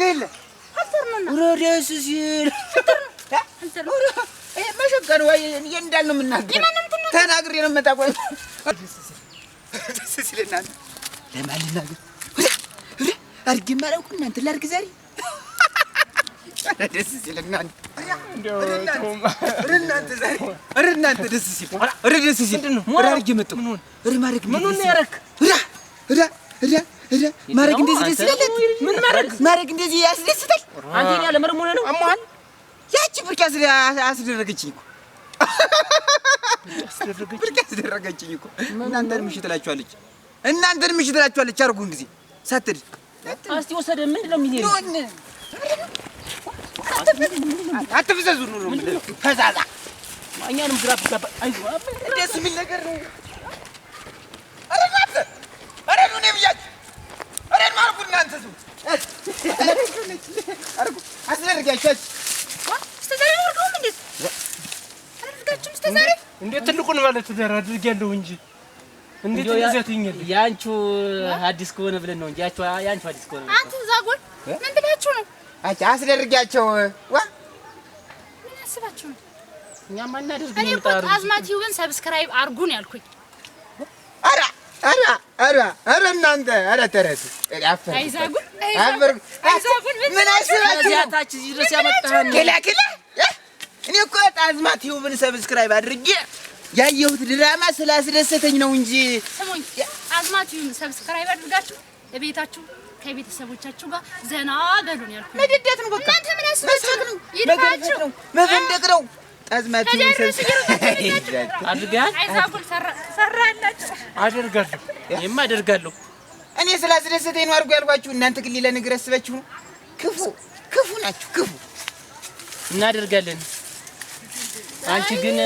ግል ረዳስ ሲል መሸቀን ወይ እንዳል ነው የምናገር ተናግሬ ነው የምመጣ። ቆይ እናንተ ለማን ልናገር አርጊ አላውቅም። እናንተ ላድርግ ዛሬ ደስ ሲል እናንተ እናንተ ደስ ሲል ደስ ሲል ማድረግ ማድረግ እንደዚህ ደስ ይላል። ምን ማድረግ ማድረግ እንደዚህ ያስደስታል። አንተ እኔ ያለ ነው ያቺ ብርቅ አስደረገችኝ እኮ ብርቅ እኮ። እናንተን ምሽት እላችኋለች፣ እናንተን ጊዜ ሳትድ እስቲ ወሰደ ምንድን ነው የሚሄድ አትፍዘዙ እኛንም ግራ ብጋባ ደስ የሚል ነገር ነው። እንዴት ትልቁን ማለት ትዳር አድርጊያለሁ እንጂ እንዴት አዲስ ከሆነ ብለን ነው እንጂ አዲስ ከሆነ ዛጎል ምን ብላችሁ ነው? አስደርጊያቸው ዋ ምን አስባችሁ ነው? እኛ ማን ነው ታሩ አዝማት ይሁን ሰብስክራይብ አርጉን ያልኩኝ። አራ አራ አራ አራ እናንተ አራ ተረት አይ ዛጎል እኔ እኮ ጣዝማ ቲዩብን ሰብስክራይብ አድርጌ ያየሁት ድራማ ስላስደሰተኝ ነው እንጂ ስሙኝ፣ አዝማ ቲዩብን ሰብስክራይብ አድርጋችሁ ለቤታችሁ ከቤተሰቦቻችሁ ጋር ዘና በሉ ያልኩት። መደደት ነው፣ በቃ እናንተ ምን አስመስሉት ነው? ይድፋችሁ መፈንደቅ ነው። ጣዝማ ቲዩብን ሰብስክራይብ አድርጋችሁ አይዛጉል ሰራላችሁ። አደርጋለሁ፣ ይሄማ አደርጋለሁ። እኔ ስላስደሰተኝ ነው አድርጎ ያልኳችሁ። እናንተ ግን ሌላ ነገር አስባችሁ ነው። ክፉ ክፉ ናችሁ፣ ክፉ እናደርጋለን። አንቺ ግን